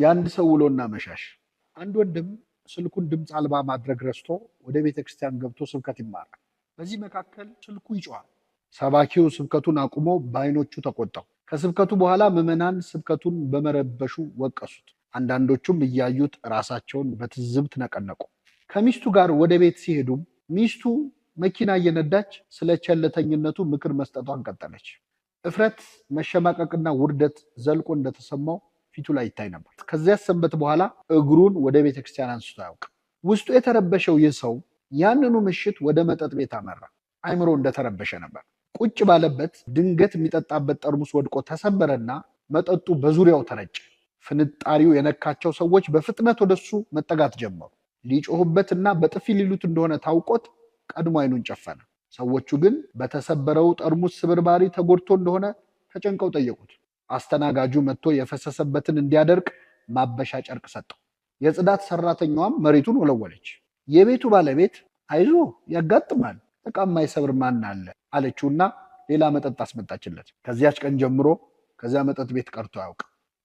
የአንድ ሰው ውሎና መሻሽ። አንድ ወንድም ስልኩን ድምፅ አልባ ማድረግ ረስቶ ወደ ቤተ ክርስቲያን ገብቶ ስብከት ይማራል። በዚህ መካከል ስልኩ ይጮዋል። ሰባኪው ስብከቱን አቁሞ በአይኖቹ ተቆጣው። ከስብከቱ በኋላ ምዕመናን ስብከቱን በመረበሹ ወቀሱት። አንዳንዶቹም እያዩት ራሳቸውን በትዝብት ነቀነቁ። ከሚስቱ ጋር ወደ ቤት ሲሄዱም ሚስቱ መኪና እየነዳች ስለ ቸለተኝነቱ ምክር መስጠቷን ቀጠለች። እፍረት መሸማቀቅና ውርደት ዘልቆ እንደተሰማው ፊቱ ላይ ይታይ ነበር። ከዚያ ሰንበት በኋላ እግሩን ወደ ቤተ ክርስቲያን አንስቶ አያውቅም። ውስጡ የተረበሸው ይህ ሰው ያንኑ ምሽት ወደ መጠጥ ቤት አመራ። አይምሮ እንደተረበሸ ነበር። ቁጭ ባለበት ድንገት የሚጠጣበት ጠርሙስ ወድቆ ተሰበረና መጠጡ በዙሪያው ተረጨ። ፍንጣሪው የነካቸው ሰዎች በፍጥነት ወደሱ መጠጋት ጀመሩ። ሊጮሁበትና በጥፊ ሊሉት እንደሆነ ታውቆት ቀድሞ አይኑን ጨፈነ። ሰዎቹ ግን በተሰበረው ጠርሙስ ስብርባሪ ተጎድቶ እንደሆነ ተጨንቀው ጠየቁት። አስተናጋጁ መጥቶ የፈሰሰበትን እንዲያደርቅ ማበሻ ጨርቅ ሰጠው። የጽዳት ሰራተኛዋም መሬቱን ወለወለች። የቤቱ ባለቤት አይዞ ያጋጥማል፣ እቃ የማይሰብር ማን አለ አለችውና ሌላ መጠጥ አስመጣችለት። ከዚያች ቀን ጀምሮ ከዚያ መጠጥ ቤት ቀርቶ አያውቅ።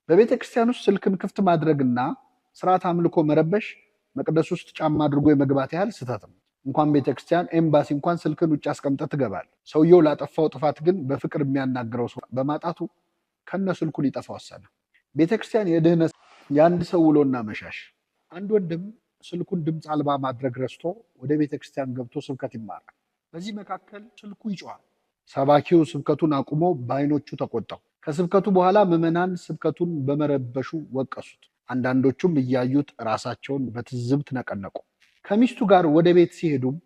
በቤተ ክርስቲያን ውስጥ ስልክን ክፍት ማድረግና ስርዓት አምልኮ መረበሽ መቅደስ ውስጥ ጫማ አድርጎ የመግባት ያህል ስህተት ነው። እንኳን ቤተ ክርስቲያን ኤምባሲ እንኳን ስልክን ውጭ አስቀምጠ ትገባል። ሰውየው ላጠፋው ጥፋት ግን በፍቅር የሚያናግረው ሰው በማጣቱ ከነ ስልኩ ሊጠፋ ወሰነ። ቤተክርስቲያን የድህነት የአንድ ሰው ውሎና መሻሽ። አንድ ወንድም ስልኩን ድምፅ አልባ ማድረግ ረስቶ ወደ ቤተክርስቲያን ገብቶ ስብከት ይማራል። በዚህ መካከል ስልኩ ይጮዋል። ሰባኪው ስብከቱን አቁሞ በአይኖቹ ተቆጣው። ከስብከቱ በኋላ ምዕመናን ስብከቱን በመረበሹ ወቀሱት። አንዳንዶቹም እያዩት ራሳቸውን በትዝብት ነቀነቁ። ከሚስቱ ጋር ወደ ቤት ሲሄዱም